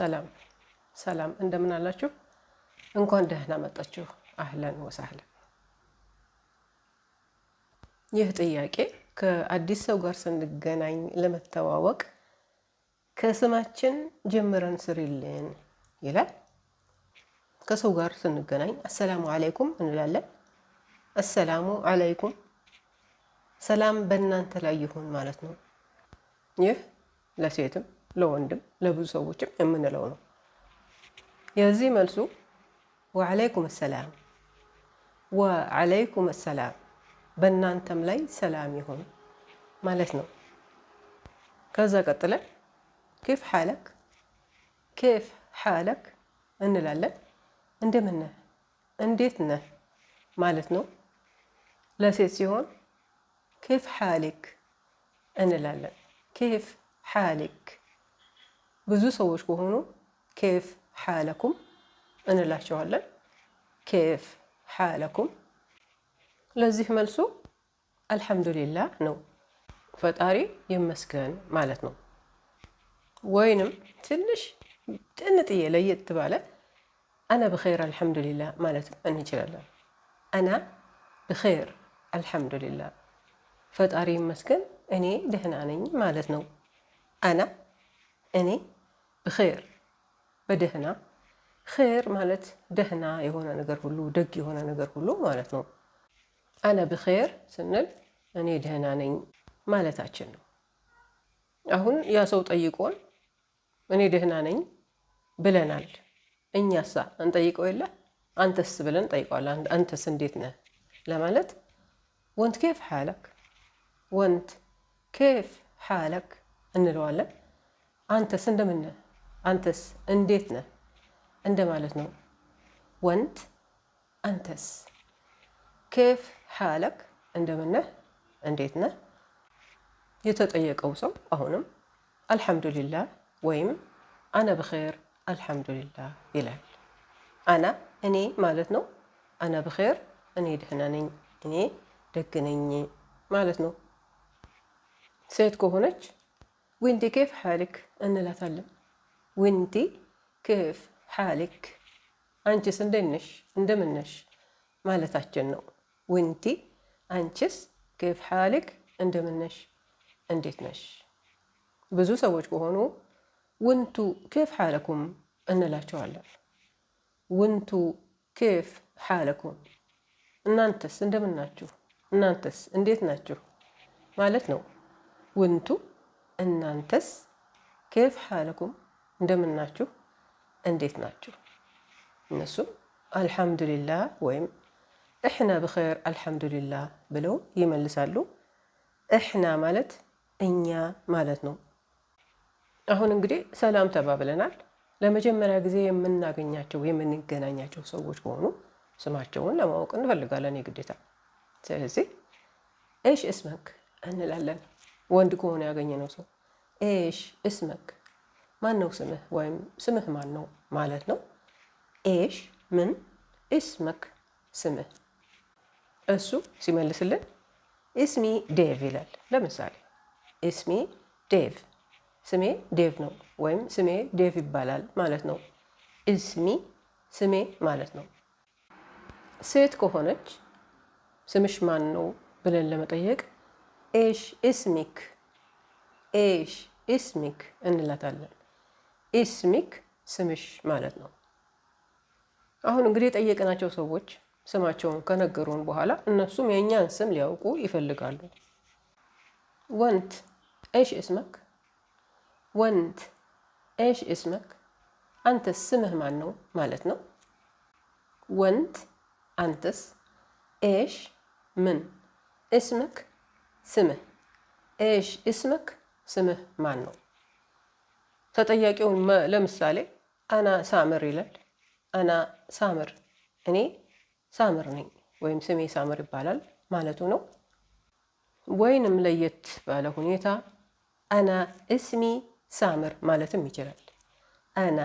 ሰላም ሰላም፣ እንደምን አላችሁ? እንኳን ደህና መጣችሁ። አህለን ወሳህለን። ይህ ጥያቄ ከአዲስ ሰው ጋር ስንገናኝ ለመተዋወቅ ከስማችን ጀምረን ስሪልን ይላል። ከሰው ጋር ስንገናኝ አሰላሙ አለይኩም እንላለን። አሰላሙ አለይኩም ሰላም በእናንተ ላይ ይሁን ማለት ነው። ይህ ለሴትም ለወንድም ለብዙ ሰዎችም የምንለው ነው። የዚህ መልሱ ወዐለይኩም ሰላም ወዐለይኩም ሰላም በእናንተም ላይ ሰላም ይሁን ማለት ነው። ከዛ ቀጥለን ኬፍ ሓለክ ኬፍ ሓለክ እንላለን። እንደምን ነህ፣ እንዴት ነህ ማለት ነው። ለሴት ሲሆን ኬፍ ሓሊክ እንላለን። ኬፍ ሓሊክ ብዙ ሰዎች ከሆኑ ኬፍ ሓለኩም እንላቸዋለን። ኬፍ ሓለኩም። ለዚህ መልሱ አልሐምዱሊላህ ነው፣ ፈጣሪ ይመስገን ማለት ነው። ወይንም ትንሽ ጥንጥዬ ለየት ባለ አነ ብኸይር አልሐምዱሊላህ ማለት እንችላለን። አነ ብኸይር አልሐምዱሊላህ፣ ፈጣሪ ይመስገን እኔ ደህና ነኝ ማለት ነው። አነ እኔ ብኸይር በደህና ኸይር ማለት ደህና የሆነ ነገር ሁሉ ደግ የሆነ ነገር ሁሉ ማለት ነው። አነ ብኸይር ስንል እኔ ደህና ነኝ ማለታችን ነው። አሁን ያ ሰው ጠይቆን እኔ ደህና ነኝ ብለናል። እኛሳ እንጠይቀው የለ አንተስ ብለን ጠይቀዋል። አንተስ እንዴት ነህ ለማለት ወንት ኬፍ ሓለክ፣ ወንት ኬፍ ሓለክ እንለዋለን። አንተስ እንደምን ነህ፣ አንተስ እንዴት ነህ እንደ ማለት ነው። ወንት አንተስ፣ ኬፍ ሓለክ፣ እንደምን ነህ፣ እንዴት ነህ። የተጠየቀው ሰው አሁንም አልሐምዱሊላህ ወይም አነ ብኼር አልሐምዱሊላህ ይላል። አና እኔ ማለት ነው። አነ ብኼር እኔ ደህና ነኝ፣ እኔ ደግ ነኝ ማለት ነው። ሴት ከሆነች ዊንቲ ኬፍ ሓሊክ እንላታለን። ወንቲ ክፍ ሓሊክ፣ አንቺስ እንደነሽ እንደምነሽ ማለታችን ነው። ወንቲ አንቺስ፣ ክፍ ሓሊክ፣ እንደምነሽ እንዴት ነሽ። ብዙ ሰዎች ከሆኑ ወንቱ ክፍ ሓለኩም እንላቸዋለን። ወንቱ ክፍ ሓለኩም፣ እናንተስ እንደምናችሁ፣ እናንተስ እንዴት ናችሁ ማለት ነው። ወንቱ እናንተስ ኬፍ ሓለኩም እንደምናችሁ እንዴት ናችሁ? እነሱም አልሐምዱሊላህ ወይም እሕና ብኸይር አልሐምዱሊላህ ብለው ይመልሳሉ። እሕና ማለት እኛ ማለት ነው። አሁን እንግዲህ ሰላም ተባብለናል። ለመጀመሪያ ጊዜ የምናገኛቸው የምንገናኛቸው ሰዎች ከሆኑ ስማቸውን ለማወቅ እንፈልጋለን የግዴታ። ስለዚህ እሽ እስመክ እንላለን፣ ወንድ ከሆነ ያገኘነው ሰው ኤሽ እስምክ ማን ነው ስምህ ወይም ስምህ ማን ነው ማለት ነው። ኤሽ ምን እስምክ ስምህ። እሱ ሲመልስልን እስሚ ዴቭ ይላል። ለምሳሌ እስሚ ዴቭ፣ ስሜ ዴቭ ነው ወይም ስሜ ዴቭ ይባላል ማለት ነው። እስሚ ስሜ ማለት ነው። ሴት ከሆነች ስምሽ ማን ነው ብለን ለመጠየቅ ኤሽ እስሚክ ኤሽ ኢስሚክ እንላታለን። ኢስሚክ ስምሽ ማለት ነው። አሁን እንግዲህ የጠየቅናቸው ሰዎች ስማቸውን ከነገሩን በኋላ እነሱም የእኛን ስም ሊያውቁ ይፈልጋሉ። ወንት ኤሽ እስመክ፣ ወንት ኤሽ እስመክ፣ አንተስ ስምህ ማን ነው ማለት ነው። ወንት አንተስ፣ ኤሽ ምን፣ እስመክ ስምህ፣ ኤሽ እስመክ ስምህ ማን ነው? ተጠያቂውን ለምሳሌ አና ሳምር ይላል። አና ሳምር እኔ ሳምር ነኝ ወይም ስሜ ሳምር ይባላል ማለቱ ነው። ወይንም ለየት ባለ ሁኔታ አና እስሚ ሳምር ማለትም ይችላል። አና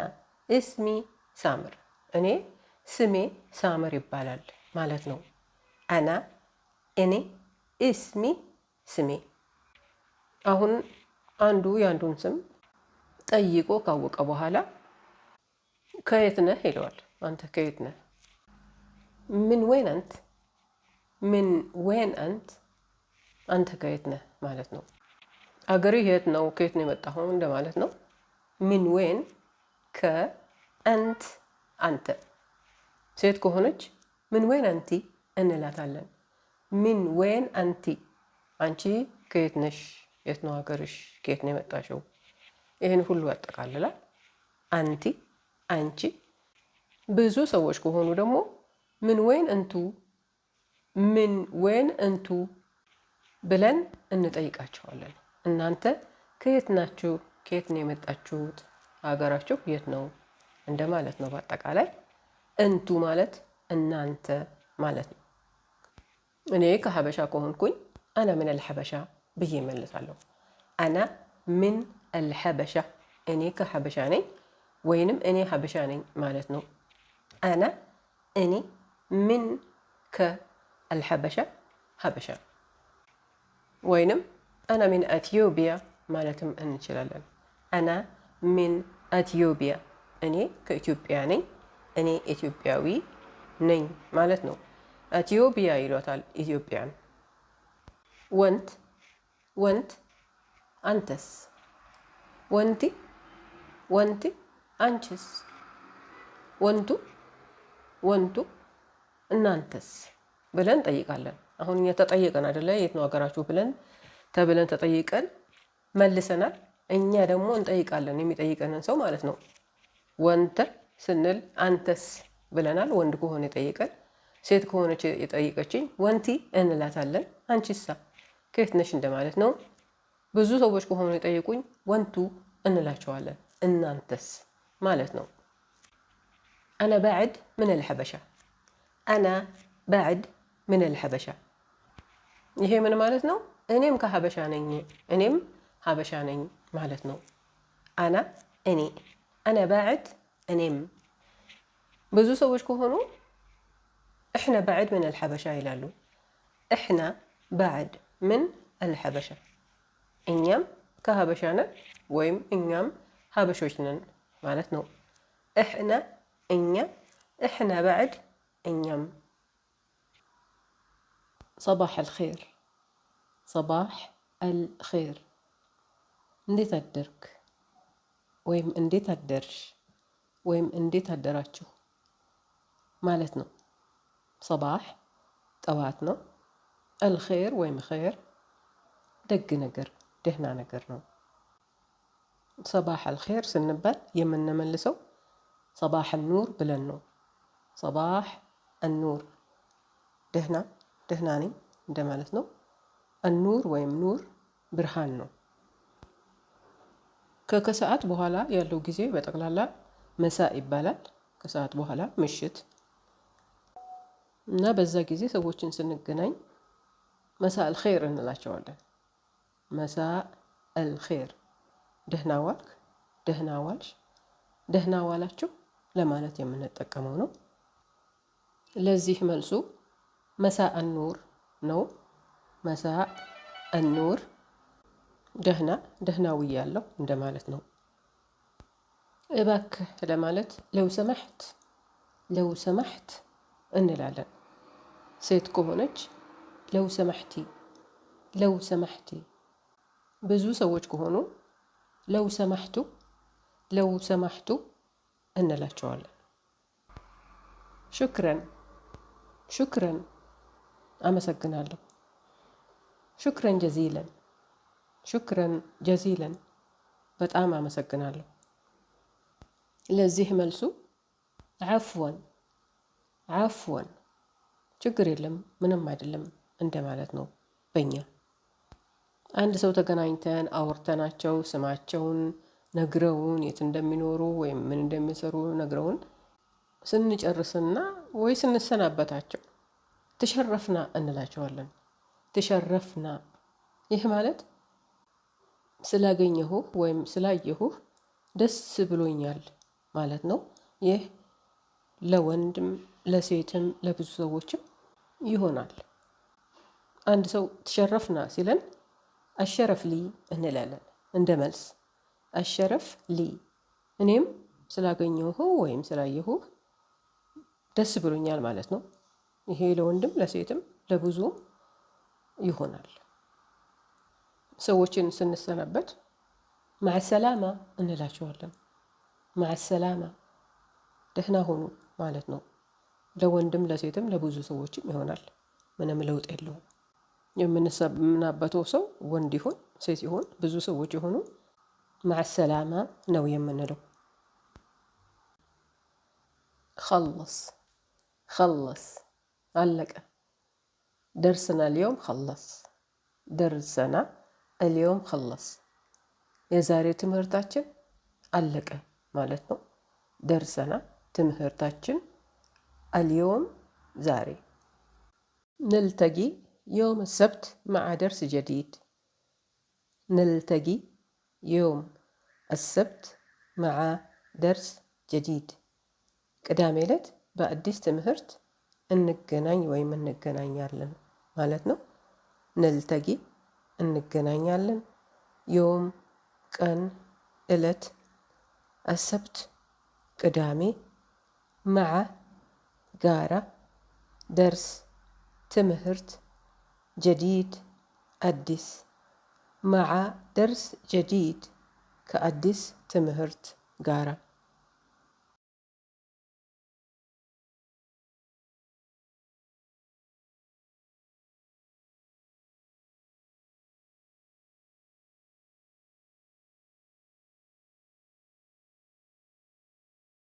እስሚ ሳምር እኔ ስሜ ሳምር ይባላል ማለት ነው። አና እኔ፣ እስሚ ስሜ። አሁን አንዱ የአንዱን ስም ጠይቆ ካወቀ በኋላ ከየት ነህ ይለዋል። አንተ ከየት ነህ? ምን ወይን አንት፣ ምን ወይን አንት፣ አንተ ከየት ነህ ማለት ነው። አገሪ የት ነው? ከየት ነው የመጣኸው እንደማለት ነው። ምን ወይን ከአንት፣ አንተ ሴት ከሆነች ምን ወይን አንቲ እንላታለን። ምን ወይን አንቲ፣ አንቺ ከየት ነሽ የት ነው ሀገርሽ? ከየት ነው የመጣሽው? ይህን ሁሉ ያጠቃልላል። አንቲ አንቺ። ብዙ ሰዎች ከሆኑ ደግሞ ምን ወይን እንቱ፣ ምን ወይን እንቱ ብለን እንጠይቃቸዋለን። እናንተ ከየት ናችሁ? ከየት ነው የመጣችሁት? ሀገራችሁ የት ነው እንደ ማለት ነው። በአጠቃላይ እንቱ ማለት እናንተ ማለት ነው። እኔ ከሀበሻ ከሆንኩኝ አና ምን አልሐበሻ ብዬ እመልሳለሁ። አና ምን አልሐበሻ፣ እኔ ከሐበሻ ነኝ ወይንም እኔ ሐበሻ ነኝ ማለት ነው። አና እኔ፣ ምን ከአልሐበሻ ሐበሻ፣ ወይንም አና ምን ኢትዮጵያ ማለትም እንችላለን። አና ምን ኢትዮጵያ፣ እኔ ከኢትዮጵያ ነኝ፣ እኔ ኢትዮጵያዊ ነኝ ማለት ነው። ኢትዮጵያ ይሏታል ኢትዮጵያን ወንት ወንት አንተስ፣ ወንቲ ወንቲ አንቺስ፣ ወንቱ ወንቱ እናንተስ ብለን ጠይቃለን። አሁን እኛ ተጠየቀን አይደለ? የት ነው ሀገራችሁ ብለን ተብለን ተጠይቀን መልሰናል። እኛ ደግሞ እንጠይቃለን የሚጠይቀንን ሰው ማለት ነው። ወንተ ስንል አንተስ ብለናል። ወንድ ከሆነ የጠየቀን ሴት ከሆነች የጠየቀችኝ ወንቲ እንላታለን። አንቺሳ ከየት ነሽ እንደማለት ነው። ብዙ ሰዎች ከሆኑ የጠየቁኝ ወንቱ እንላቸዋለን። እናንተስ ማለት ነው። አነ ባዕድ ምን አልሐበሻ፣ አነ ባዕድ ምን አልሐበሻ። ይሄ ምን ማለት ነው? እኔም ከሀበሻ ነኝ፣ እኔም ሀበሻ ነኝ ማለት ነው። አና እኔ፣ አነ ባዕድ እኔም። ብዙ ሰዎች ከሆኑ እሕና ባዕድ ምን አልሐበሻ ይላሉ። እሕና ባዕድ من الحبشة إنيام كهبشانة ويم إنيام هبشوشنن معناتنو إحنا إنيا إحنا بعد إنيام صباح الخير صباح الخير اندي تدرك ويم اندي تدرش ويم اندي تدراتشو مالتنا صباح طواتنا አልኸይር ወይም ኸይር ደግ ነገር ደህና ነገር ነው። ሰባሕ አልኸይር ስንባል የምንመልሰው ሰባሕ አኑር ብለን ነው። ሰባሕ አኑር ደህና ደህና ነኝ እንደማለት ነው። አኑር ወይም ኑር ብርሃን ነው። ከከሰዓት በኋላ ያለው ጊዜ በጠቅላላ መሳ ይባላል። ከሰዓት በኋላ ምሽት እና በዛ ጊዜ ሰዎችን ስንገናኝ መሳ አልኸይር እንላቸዋለን። መሳ አልኸይር ደህና ዋልክ፣ ደህና ዋልሽ፣ ደህና ዋላችሁ ለማለት የምንጠቀመው ነው። ለዚህ መልሱ መሳ አኑር ነው። መሳ አኑር ደህና ደህና ውያለሁ እንደማለት ነው። እባክህ ለማለት ለው ሰማሕት ለው ሰማሕት እንላለን ሴት ከሆነች ለው ሰማሕቲ ለው ሰማሕቲ ብዙ ሰዎች ከሆኑ ለው ሰማሕቱ ለው ሰማሕቱ እንላቸዋለን። ሹክረን ሹክረን አመሰግናለሁ። ሹክረን ጀዚለን ሹክረን ጀዚለን በጣም አመሰግናለሁ። ለዚህ መልሱ ዓፍወን ዓፍወን ችግር የለም ምንም አይደለም እንደማለት ነው በኛ አንድ ሰው ተገናኝተን አውርተናቸው ስማቸውን ነግረውን የት እንደሚኖሩ ወይም ምን እንደሚሰሩ ነግረውን ስንጨርስና ወይ ስንሰናበታቸው ተሸረፍና እንላቸዋለን። ተሸረፍና ይህ ማለት ስላገኘሁህ ወይም ስላየሁህ ደስ ብሎኛል ማለት ነው። ይህ ለወንድም ለሴትም ለብዙ ሰዎችም ይሆናል። አንድ ሰው ትሸረፍና ሲለን አሸረፍ ሊ እንላለን እንደ መልስ። አሸረፍ ሊ እኔም ስላገኘሁ ወይም ስላየሁ ደስ ብሎኛል ማለት ነው። ይሄ ለወንድም ለሴትም ለብዙ ይሆናል። ሰዎችን ስንሰናበት ማዕሰላማ እንላቸዋለን። ማዕሰላማ ደህና ሆኑ ማለት ነው። ለወንድም ለሴትም ለብዙ ሰዎችም ይሆናል። ምንም ለውጥ የለውም። የምናበተው ሰው ወንድ ይሆን ሴት ይሆን ብዙ ሰዎች የሆኑ ማዕሰላማ ነው የምንለው። ከለስ ከለስ አለቀ። ደርሰና ሊዮም ከለስ ደርሰና ሊዮም ከለስ የዛሬው ትምህርታችን አለቀ ማለት ነው። ደርሰና ትምህርታችን አልዮም ዛሬ ንልተጊ يوم السبت مع درس جديد نلتقي يوم السبت مع درس جديد ቅዳሜ ዕለት በአዲስ ትምህርት እንገናኝ ወይም እንገናኛለን ማለት ነው። ንልተጊ እንገናኛለን። ዮም ቀን፣ ዕለት፣ አሰብት ቅዳሜ፣ መዓ ጋራ፣ ደርስ ትምህርት جديد أدس مع درس جديد كأدس تمهرت قارة